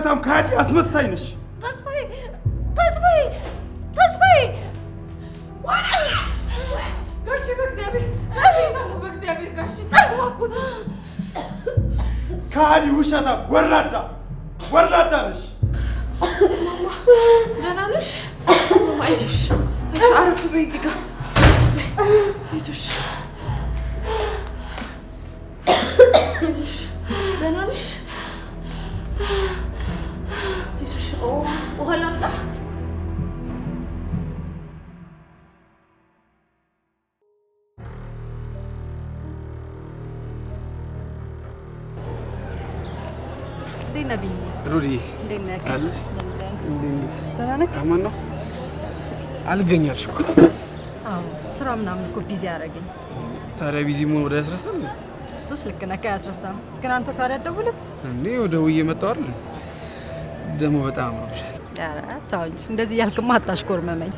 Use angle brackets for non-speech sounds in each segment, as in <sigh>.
ውሸታም፣ ከሃዲ፣ አስመሳይ ነሽ። ተስፋዬ ተስፋዬ ተስፋዬ! ጋሼ በእግዚአብሔር በእግዚአብሔር ጋሼ ተዋኩት። ከሃዲ፣ ውሸታም፣ ወራዳ ወራዳ ነሽ። ደህና ነሽ? አይዞሽ፣ አረፍ በይ እዚህ ጋር አይዞሽ ውሃ ላምጣ። አልገኛልሽ እኮ ስራ ምናምን እኮ ቢዚ አደረገኝ። ታዲያ ቢዚ መሆን ወደ ያስረሳል? እሱስ ልክ ነህ፣ ግን አንተ ታዲያ ደውልም እኔ ወደ ውዬ መጣሁ አይደል? ደግሞ በጣም አምሮብሻል። እንደዚህ ያልክማ ጎርመመኝ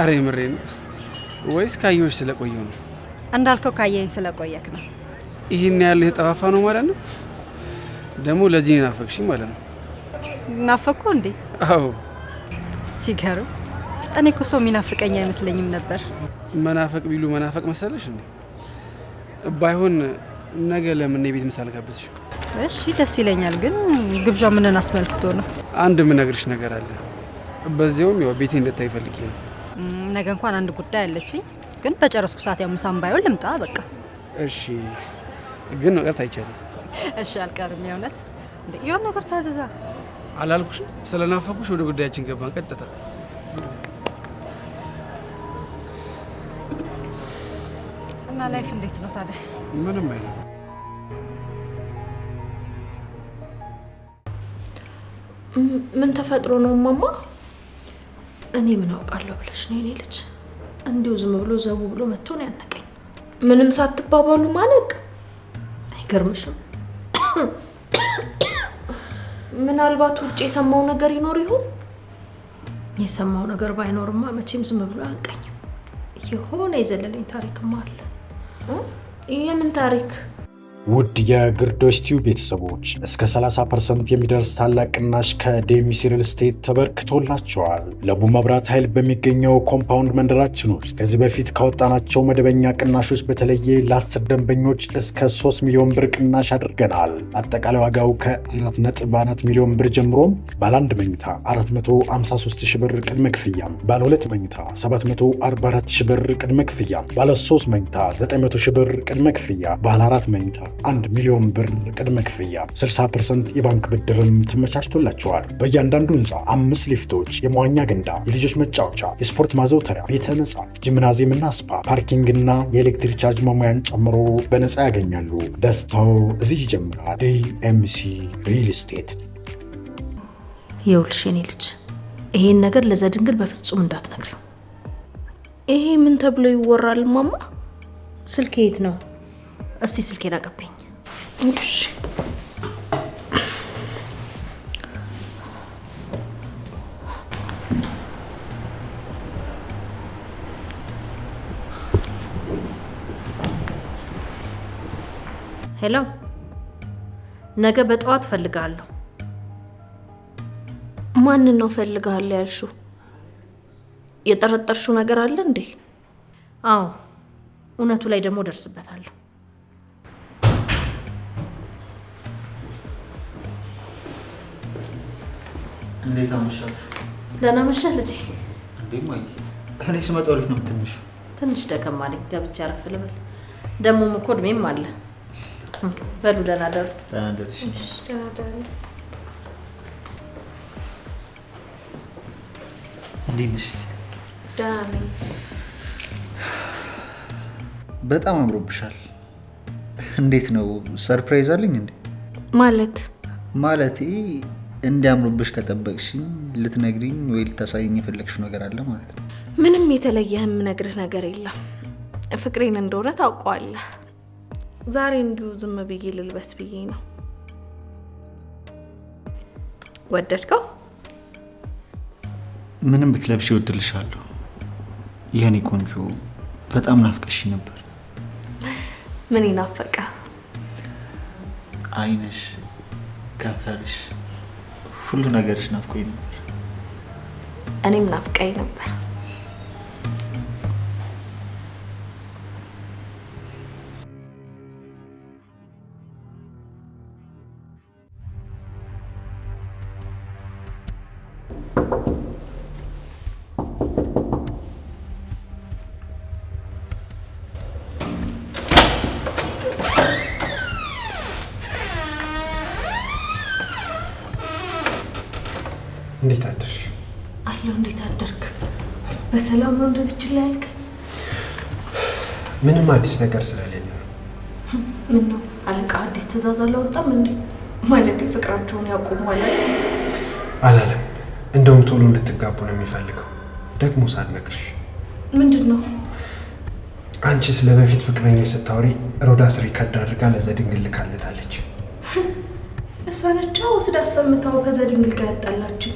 አሬ ምሬ ነው ወይስ ካየሁሽ ስለቆየሁ ነው? እንዳልከው ካየኝ ስለቆየክ ነው። ይህን ያለህ ጠፋፋ ነው ማለት ነው። ደግሞ ለዚህ ናፈቅሽ ማለት ነው። ናፈቅኩ እንዴ? አዎ። ሲገርም እኔ እኮ ሰው የሚናፍቀኝ አይመስለኝም ነበር። መናፈቅ ቢሉ መናፈቅ መሰለሽ እንዴ? ባይሆን ነገ ለምን የቤት ምሳል ጋብዝሽ? እሺ፣ ደስ ይለኛል። ግን ግብዣ ምንን አስመልክቶ ነው? አንድ የምነግርሽ ነገር አለ። በዚያውም ያው ቤቴ እንድታይ ፈልጌ ነው። ነገ እንኳን አንድ ጉዳይ አለችኝ፣ ግን በጨረስኩ ሰዓት ያው ምሳም ባይሆን ልምጣ። በቃ እሺ። ግን መቅረት አይቻልም። እሺ፣ አልቀርም። የእውነት የሆነ ነገር ታዘዛ አላልኩሽ? ስለናፈኩሽ ወደ ጉዳያችን ገባን ቀጥታ እና ላይፍ እንዴት ነው ታዲያ? ምንም አይነት ምን ተፈጥሮ ነው ማማ? እኔ ምን አውቃለሁ ብለሽ ነው? የኔ ልጅ እንዲሁ ዝም ብሎ ዘቡ ብሎ መጥቶ ነው ያነቀኝ። ምንም ሳትባባሉ ማለቅ አይገርምሽም? ምናልባት ውጭ የሰማው ነገር ይኖር ይሆን? የሰማው ነገር ባይኖርማ መቼም ዝም ብሎ አያንቀኝም። የሆነ የዘለለኝ ታሪክማ አለ። የምን ታሪክ? ውድ የግርዶሽ ቲዩብ ቤተሰቦች እስከ 30 ፐርሰንት የሚደርስ ታላቅ ቅናሽ ከዴሚሲ ሪል ስቴት ተበርክቶላቸዋል። ለቡ መብራት ኃይል በሚገኘው ኮምፓውንድ መንደራችን ውስጥ ከዚህ በፊት ካወጣናቸው መደበኛ ቅናሾች በተለየ ለአስር ደንበኞች እስከ 3 ሚሊዮን ብር ቅናሽ አድርገናል። አጠቃላይ ዋጋው ከ4.4 ሚሊዮን ብር ጀምሮም ባለ 1 መኝታ 453 ሺ ብር ቅድመ ክፍያ፣ ባለ 2 መኝታ 744 ሺ ብር ቅድመ ክፍያ፣ ባለ 3 መኝታ 900 ሺ ብር ቅድመ ክፍያ፣ ባለ 4 መኝታ 1 ሚሊዮን ብር ቅድመ ክፍያ 60 ፐርሰንት የባንክ ብድርም ተመቻችቶላቸዋል። በእያንዳንዱ ህንፃ አምስት ሊፍቶች፣ የመዋኛ ገንዳ፣ የልጆች መጫወቻ፣ የስፖርት ማዘውተሪያ፣ ቤተ መጻሕፍት፣ ጂምናዚየምና ስፓ፣ ፓርኪንግና የኤሌክትሪክ ቻርጅ መሙያን ጨምሮ በነፃ ያገኛሉ። ደስታው እዚህ ይጀምራል። ዲኤምሲ ሪል ስቴት። የውልሽኔ ልጅ ይሄን ነገር ለዘድንግል በፍጹም እንዳትነግሪው። ይሄ ምን ተብሎ ይወራል? ማማ ስልክ የት ነው? እስቲ ስልኬን አቀብኝ። እሺ ሄሎ፣ ነገ በጠዋት ፈልጋለሁ። ማንን ነው ፈልጋለሁ ያልሽው? የጠረጠርሽው ነገር አለ እንዴ? አዎ፣ እውነቱ ላይ ደግሞ ደርስበታለሁ። እንዴት አመሻሽ? ደህና መሸህ ልጄ። እንዴ እኔ ስመጣ ወዴት ነው ትንሽ ትንሽ ደከም አለኝ። ገብቼ አረፍ ልበል። ደግሞም እኮ እድሜም አለ። በሉ ደህና ደሩ። ደህና ደሩ። እንዴት ነሽ? ደህና ነኝ። በጣም አምሮብሻል። እንዴት ነው ሰርፕራይዝ አለኝ እንዴ? ማለት ማለቴ እንዲያምሩብሽ ከጠበቅሽኝ ልትነግሪኝ ወይ ልታሳይኝ የፈለግሽው ነገር አለ ማለት ነው? ምንም የተለየ የምነግርህ ነገር የለም። ፍቅሬን እንደሆነ ታውቀዋለህ። ዛሬ እንዲሁ ዝም ብዬ ልልበስ ብዬ ነው። ወደድከው? ምንም ብትለብሽ ይወድልሻለሁ የኔ ቆንጆ። በጣም ናፍቀሽ ነበር። ምን ይናፈቀ? አይንሽ ከንፈርሽ ሁሉ ነገርሽ ናፍቆኝ ነበር። እኔም ናፍቀኝ ነበር። እንዴት አደርሽ? አለሁ። እንዴት አደርክ? በሰላም ነው እንደዚህ ይችላል ያልክ? ምንም አዲስ ነገር ስለሌለ ነው። ምን ነው አለቃ አዲስ ትእዛዝ አላወጣም እንዴ? ማለት ፍቅራቸውን ያቆሙ አላለም? አላለም። እንደውም ቶሎ እንድትጋቡ ነው የሚፈልገው። ደግሞ ሳልነግርሽ ምንድን ነው አንቺ ስለ በፊት ፍቅረኛ ስታወሪ ሮዳስ ሪከርድ አድርጋ ለዘድንግል ልካለታለች። እሷ ነች ወስዳ ሰምታው ከዘድንግል ጋር ያጣላችን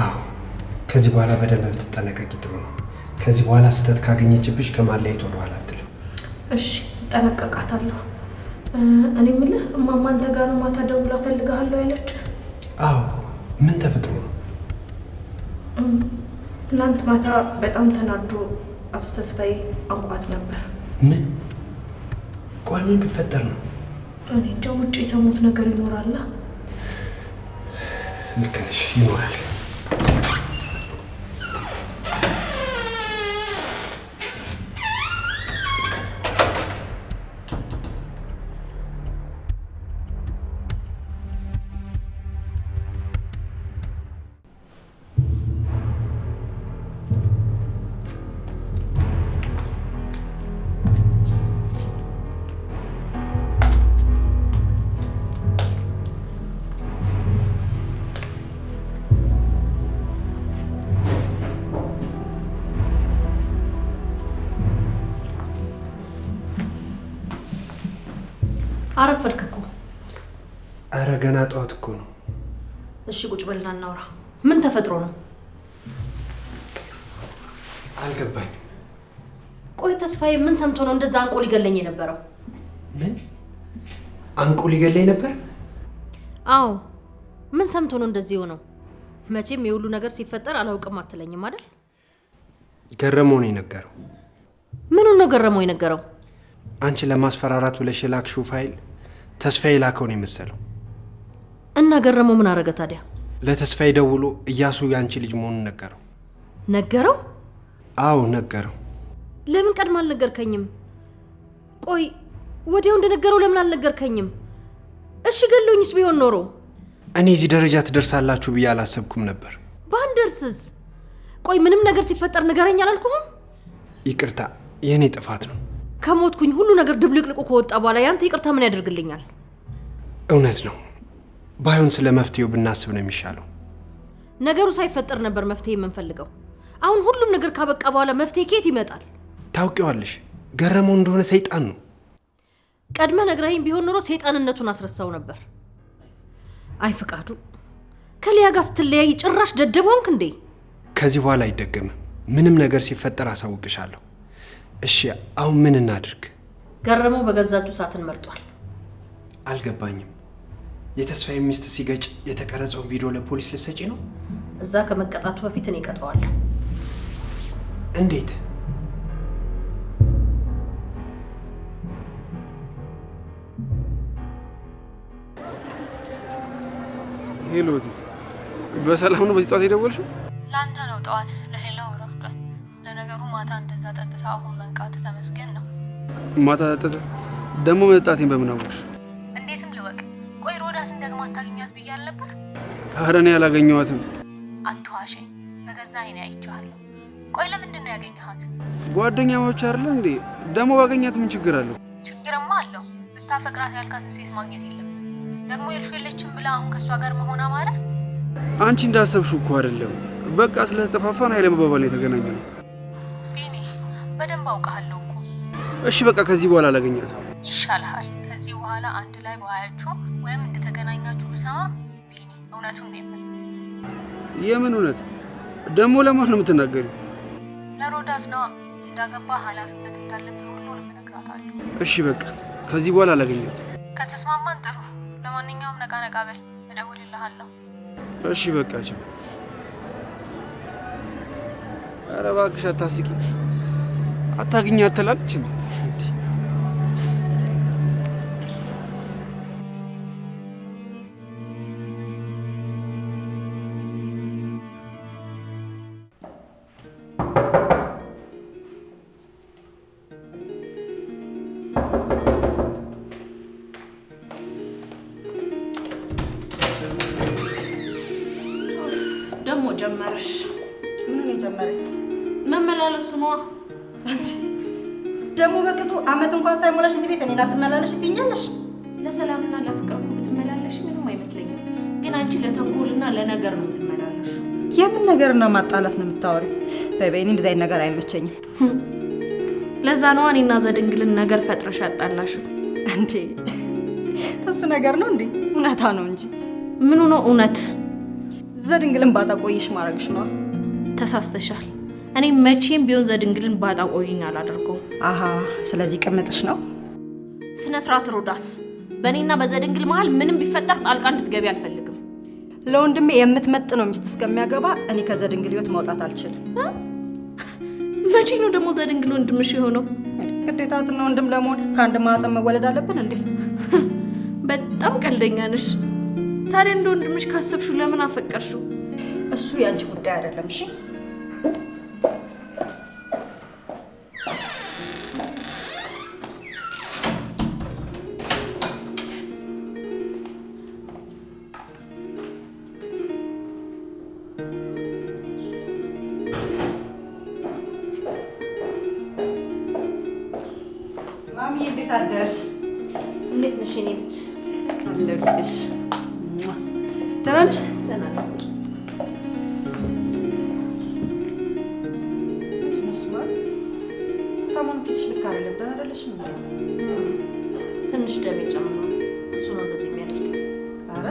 አዎ ከዚህ በኋላ በደንብ ብትጠነቀቂ ጥሩ ነው። ከዚህ በኋላ ስህተት ካገኘችብሽ ከማለያየት ወደ ኋላ አትልም። እሺ እጠነቀቃታለሁ። እኔ የምልህ እማማ አንተ ጋር ነው ማታ ደውላ እፈልግሃለሁ ያለች? አዎ ምን ተፈጥሮ ነው? ትናንት ማታ በጣም ተናዶ አቶ ተስፋዬ አንቋት ነበር። ምን? ቆይ ምን ቢፈጠር ነው? እኔ እንጃ። ውጭ የተሞት ነገር ይኖራላ። ልክ ነሽ፣ ይኖራል አረ ገና ጠዋት እኮ ነው። እሺ ቁጭ በልና እናውራ። ምን ተፈጥሮ ነው አልገባኝ። ቆይ ተስፋዬ ምን ሰምቶ ነው እንደዛ አንቆ ሊገለኝ የነበረው? ምን አንቆ ሊገለኝ ነበር? አዎ ምን ሰምቶ ነው እንደዚህ የሆነው? መቼም የሁሉ ነገር ሲፈጠር አላውቅም አትለኝም አይደል? ገረመው ነው የነገረው። ምኑን ነው ገረመው የነገረው? አንቺ ለማስፈራራት ብለሽ የላክሽው ፋይል ተስፋዬ ላከው ነው የመሰለው። እና ገረመው ምን አረገ ታዲያ? ለተስፋዬ ደውሎ እያሱ ያንቺ ልጅ መሆኑን ነገረው። ነገረው? አዎ ነገረው። ለምን ቀድሞ አልነገርከኝም? ቆይ ወዲያው እንደነገረው ለምን አልነገርከኝም? እሺ ገሎኝስ ቢሆን ኖሮ እኔ እዚህ ደረጃ ትደርሳላችሁ ብዬ አላሰብኩም ነበር። ባንደርስስ? ቆይ ምንም ነገር ሲፈጠር ንገረኝ አላልኩህም? ይቅርታ የእኔ ጥፋት ነው። ከሞትኩኝ ሁሉ ነገር ድብልቅልቁ ከወጣ በኋላ ያንተ ይቅርታ ምን ያደርግልኛል? እውነት ነው ባይሆን ስለ መፍትሄው ብናስብ ነው የሚሻለው። ነገሩ ሳይፈጠር ነበር መፍትሄ የምንፈልገው። አሁን ሁሉም ነገር ካበቃ በኋላ መፍትሄ ኬት ይመጣል? ታውቂዋለሽ፣ ገረመው እንደሆነ ሰይጣን ነው። ቀድመ ነግራይም ቢሆን ኖሮ ሰይጣንነቱን አስረሳው ነበር። አይ ፍቃዱ፣ ከሊያ ጋር ስትለያይ ጭራሽ ደደብ ሆንክ እንዴ? ከዚህ በኋላ አይደገምም። ምንም ነገር ሲፈጠር አሳውቅሻለሁ። እሺ፣ አሁን ምን እናድርግ? ገረመው በገዛ እጁ መርጧል። አልገባኝም። የተስፋዬ ሚስት ሲገጭ የተቀረጸውን ቪዲዮ ለፖሊስ ልትሰጪ ነው? እዛ ከመቀጣቱ በፊት እኔ እቀጣዋለሁ። እንዴት? ሄሎ፣ በሰላም ነው? በዚህ ጠዋት የደወልሽው? ለአንተ ነው ጠዋት፣ ለሌላው ረፍዷል። ለነገሩ ማታ እንደዛ ጠጥታ አሁን መንቃት ተመስገን ነው። ማታ ጠጥታ ደግሞ መጠጣቴን በምን አወቅሽ? ኧረ እኔ አላገኘኋትም። አትዋሸኝ፣ በገዛ አይኔ አይቼዋለሁ። ቆይ ለምንድን ነው ያገኘኋት? ጓደኛሞች አይደል እንዴ? ደግሞ ባገኛት ምን ችግር አለው? ችግርማ አለው። ብታፈቅራት ያልካትን ሴት ማግኘት የለም። ደግሞ የልሹ የለችም ብላ አሁን ከእሷ ጋር መሆን አማረ። አንቺ እንዳሰብሽው እኮ አይደለም። በቃ ስለተጠፋፋን ኃይለ መባባል የተገናኘ ነው። ቢኒ፣ በደንብ አውቃለሁ እኮ። እሺ በቃ ከዚህ በኋላ አላገኛትም። ይሻልሃል። ከዚህ በኋላ አንድ ላይ በዋያችሁ ወይም እንደተገናኛችሁ ብሰማ እውነቱን ነው የምን እውነት ደግሞ? ለማን ነው የምትናገሪው? ለሮዳስ ነዋ። እንዳገባ ኃላፊነት እንዳለብኝ ሁሉንም እነግራታለሁ። እሺ በቃ ከዚህ በኋላ አላገኘት። ከተስማማን ጥሩ። ለማንኛውም ነቃ ነቃ በል፣ እደውልልሃለሁ። እሺ በቃ ቻው። ኧረ እባክሽ አታስቂ። አታግኛት ትላለች። ጨረሽ? ምኑን የጀመረኝ መመላለሱ ነዋ። ደግሞ በቅጡ አመት እንኳን ሳይሞላሽ እዚህ ቤት እኔን አትመላለሽ ትይኛለሽ። ለሰላምና ለፍቅር እኮ ብትመላለሽ ምንም አይመስለኝም፣ ግን አንቺ ለተንኮልና ለነገር ነው የምትመላለሹ። የምን ነገርና ማጣላት ነው የምታወሪው? በበይኔ እንደዚህ ነገር አይመቸኝም። ለዛ ነዋ እኔና ዘድንግልን ነገር ፈጥረሽ አጣላሽ። እንዴ እሱ ነገር ነው እንዴ? እውነታ ነው እንጂ ምኑ ነው እውነት ዘድንግልን ባጣ ቆይሽ ማድረግሽ ነው። ተሳስተሻል። እኔ መቼም ቢሆን ዘድንግልን ባጣ ቆይኝ አላደርገውም። አሀ፣ ስለዚህ ቅምጥሽ ነው። ስነ ስርዓት ሮዳስ፣ በእኔና በዘድንግል መሀል ምንም ቢፈጠር ጣልቃ እንድትገቢ አልፈልግም። ለወንድሜ የምትመጥነው ሚስት እስከሚያገባ እኔ ከዘድንግል ህይወት መውጣት አልችልም። መቼ ነው ደግሞ ዘድንግል ወንድምሽ የሆነው? ግዴታት ነው ወንድም ለመሆን ከአንድ ማህፀን መወለድ አለብን እንዴ? በጣም ቀልደኛ ነሽ። ታዲያ እንደ ወንድምሽ ካሰብሽው ለምን አፈቀርሽው? እሱ የአንቺ ጉዳይ አይደለም። እሺ ማሚ፣ እንዴት አደርሽ? እንዴት ነሽ? ልጅ አለሁልሽ ደህና ነሽ? ሰሞኑን ፊትሽ ልክ አይደለም። ደህና አይደለሽም። ትንሽ ደሜ ጨምሮ እሱ ነው እንደዚህ የሚያደርገኝ። ኧረ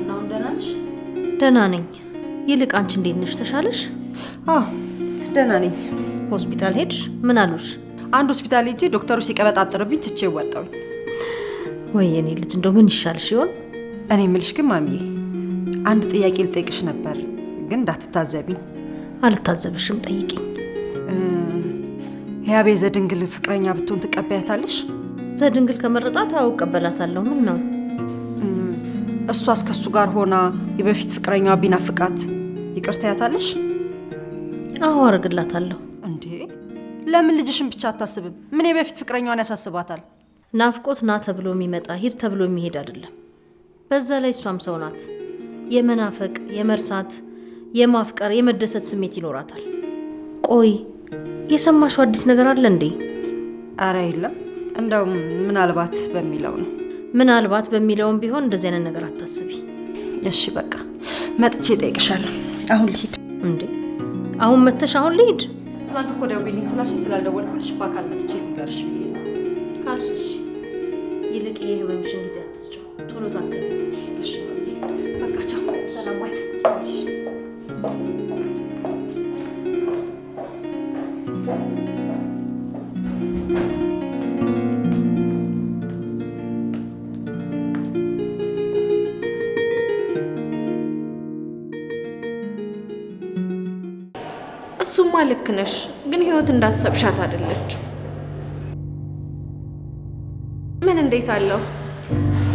እና አሁን ደህና ነሽ? ደህና ነኝ። ይልቅ አንቺ እንዴት ነሽ? ተሻለሽ? አዎ ደህና ነኝ። ሆስፒታል ሄድሽ? ምን አሉሽ? አንድ ሆስፒታል ሄጄ ዶክተሩ ሲቀበጣጥርብኝ ትቼ ወጣሁኝ። ወይ የኔ ልጅ እንደው ምን ይሻልሽ ይሆን? እኔ የምልሽ ግን ማሚዬ አንድ ጥያቄ ልጠይቅሽ ነበር ግን እንዳትታዘቢ። አልታዘብሽም፣ ጠይቅኝ ህያብ ዘድንግል ፍቅረኛ ብትሆን ትቀበያታለሽ? ዘድንግል ከመረጣት ያው እቀበላታለሁ። ምን ነው እሷስ ከሱ ጋር ሆና የበፊት ፍቅረኛዋ ቢናፍቃት ይቅር ትያታለሽ? አዎ አረግላታለሁ። እንዴ ለምን ልጅሽን ብቻ አታስብም? ምን የበፊት ፍቅረኛዋን ያሳስባታል? ናፍቆት ና ተብሎ የሚመጣ ሂድ ተብሎ የሚሄድ አይደለም። በዛ ላይ እሷም ሰው ናት። የመናፈቅ፣ የመርሳት፣ የማፍቀር፣ የመደሰት ስሜት ይኖራታል። ቆይ የሰማሽው አዲስ ነገር አለ እንዴ? አረ የለም። እንደውም ምናልባት በሚለው ነው። ምናልባት በሚለውም ቢሆን እንደዚህ አይነት ነገር አታስቢ። እሺ በቃ መጥቼ እጠይቅሻለሁ። አሁን ልሂድ እንዴ? አሁን መተሽ? አሁን ልሂድ? ትናንት እኮ ደውዪልኝ ስላልሽኝ ስላልደወልኩልሽ በአካል መጥቼ ልንገርሽ ብዬ ካልሽ፣ ይልቅ የህመምሽን ጊዜ አትስጪው፣ ቶሎ ታገቢ። እሺ እሱማ ልክ ነሽ፣ ግን ህይወት እንዳሰብሻት አይደለችም። ምን እንዴት አለው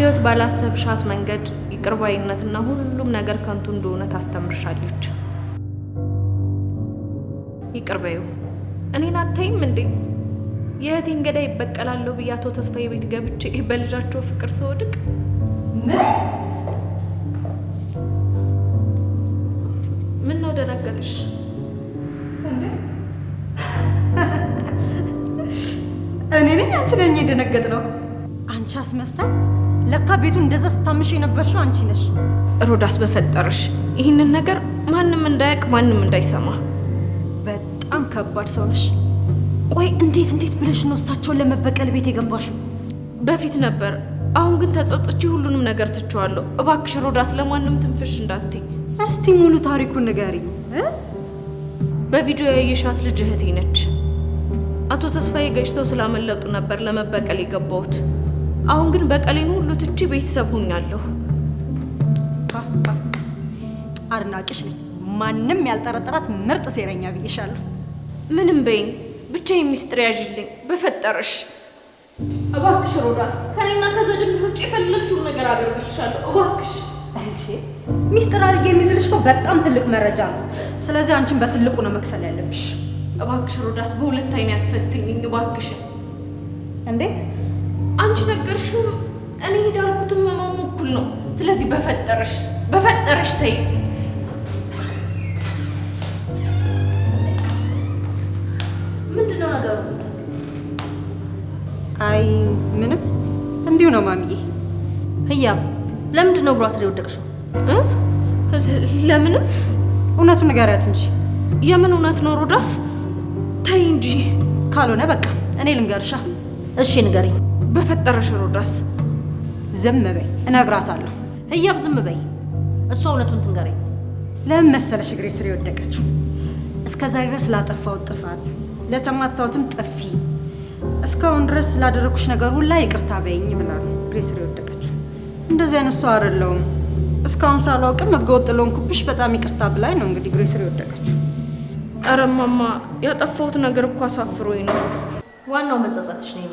ህይወት ባላሰብሻት መንገድ ይቅርባይነትና ሁሉም ነገር ከንቱ እንደሆነ ታስተምርሻለች። ይቅርበዩ እኔን አታይም እንዴ? የእህቴን ገዳይ ይበቀላለሁ ብዬ አቶ ተስፋዬ ቤት ገብቼ በልጃቸው ፍቅር ስወድቅ ምን ነው ደነገጥሽ? እኔ ነኝ አንቺ ነኝ የደነገጥ ነው አንቺ አስመሳይ ለካ ቤቱን እንደዛ ስታምሽ የነበርሽው አንቺ ነሽ ሮዳስ። በፈጠረሽ ይህንን ነገር ማንም እንዳያውቅ ማንም እንዳይሰማ። በጣም ከባድ ሰው ነሽ። ቆይ እንዴት እንዴት ብለሽ ነው እሳቸውን ለመበቀል ቤት የገባሽው? በፊት ነበር፣ አሁን ግን ተጸጽቼ ሁሉንም ነገር ትችዋለሁ። እባክሽ ሮዳስ ለማንም ትንፍሽ እንዳትይ። እስቲ ሙሉ ታሪኩን ንገሪ። በቪዲዮ ያየሻት ልጅ እህቴ ነች። አቶ ተስፋዬ ገጭተው ስላመለጡ ነበር ለመበቀል የገባሁት። አሁን ግን በቀሌን ሁሉ ትቼ ቤተሰብ ሆኛለሁ። አድናቂሽ ነኝ። ማንም ያልጠረጠራት ምርጥ ሴረኛ ብዬሻለሁ። ምንም በይኝ፣ ብቻዬን ሚስጥር ያዥልኝ በፈጠረሽ። እባክሽ ሮዳስ፣ ከኔና ከዘድን ውጭ የፈለግሽውን ነገር አደርግልሻለሁ። እባክሽ እንቺ ሚስጥር አድርጌ የሚዝልሽ እኮ በጣም ትልቅ መረጃ ነው። ስለዚህ አንቺን በትልቁ ነው መክፈል ያለብሽ። እባክሽ ሮዳስ፣ በሁለት አይነት ፈትኝኝ እባክሽ። እንዴት አንቺ ነገርሽው እኔ ሄዳልኩትም መመሙ እኩል ነው። ስለዚህ በፈጠረሽ በፈጠረሽ ተይ። ምንድነው ነገሩ? አይ ምንም እንዲሁ ነው ማሚዬ። ህያብ ለምንድን ነው እግሯ ስር የወደቅሽው? ለምንም። እውነቱን ንገሪያት እንጂ። የምን እውነት ነው ሮዳስ? ተይ እንጂ። ካልሆነ በቃ እኔ ልንገርሻ። እሺ ንገሪኝ። በፈጠረሽ ሮዳስ ዝም በይ፣ እነግራታለሁ። ህያብ ዝም በይ፣ እሷ እውነቱን ትንገረኝ። ለምን መሰለሽ እግሬ ስር የወደቀችው? እስከዛ ድረስ ላጠፋሁት ጥፋት፣ ለተማታሁትም ጥፊ፣ እስካሁን ድረስ ላደረግኩሽ ነገር ሁላ ይቅርታ በይኝ ብላል እግሬ ስር የወደቀችው። እንደዚህ አይነት ሰው አይደለሁም፣ እስካሁን ሳላውቅም ህገወጥ ለሆንኩብሽ በጣም ይቅርታ ብላኝ ነው እንግዲህ እግሬ ስር የወደቀችው። አረ እማማ፣ ያጠፋሁት ነገር እኮ አሳፍሮኝ ነው። ዋናው መጸጸትሽ ነው።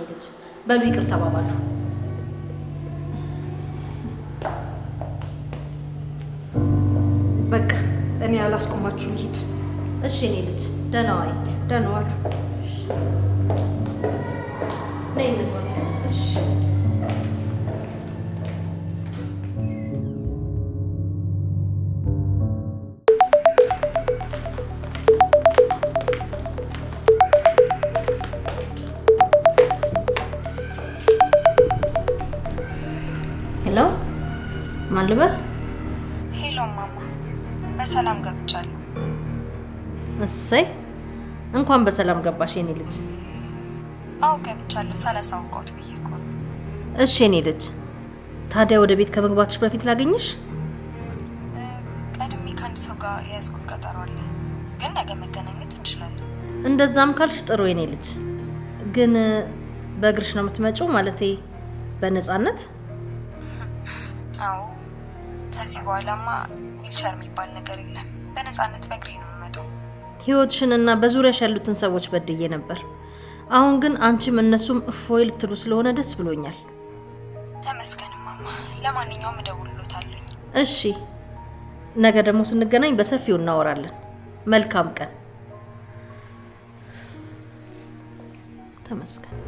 በሉ ይቅር ተባባሉ። በቃ እኔ ያላስቆማችሁ ልሂድ። እሺ እኔ ልጅ ደህና ዋይ። ደህና ዋሉ። እሰይ እንኳን በሰላም ገባሽ የኔ ልጅ። አዎ ገብቻለሁ፣ ሳላሳውቅዎት ብዬ እኮ እሺ የኔ ልጅ፣ ታዲያ ወደ ቤት ከመግባትሽ በፊት ላገኝሽ? ቀድሜ ከአንድ ሰው ጋር የያዝኩት ቀጠሮ አለ፣ ግን ነገ መገናኘት እንችላለን። እንደዛም ካልሽ ጥሩ የኔ ልጅ። ግን በእግርሽ ነው የምትመጪው? ማለቴ በነፃነት? <laughs> አዎ፣ ከዚህ በኋላማ ዊልቸር የሚባል ነገር የለም። በነፃነት በእግሬ ነው የምመጣው። ህይወትሽንና በዙሪያሽ ያሉትን ሰዎች በድዬ ነበር። አሁን ግን አንቺም እነሱም እፎይ ልትሉ ስለሆነ ደስ ብሎኛል። ተመስገን ማማ። ለማንኛውም እደውልሎታለሁ። እሺ፣ ነገ ደግሞ ስንገናኝ በሰፊው እናወራለን። መልካም ቀን። ተመስገን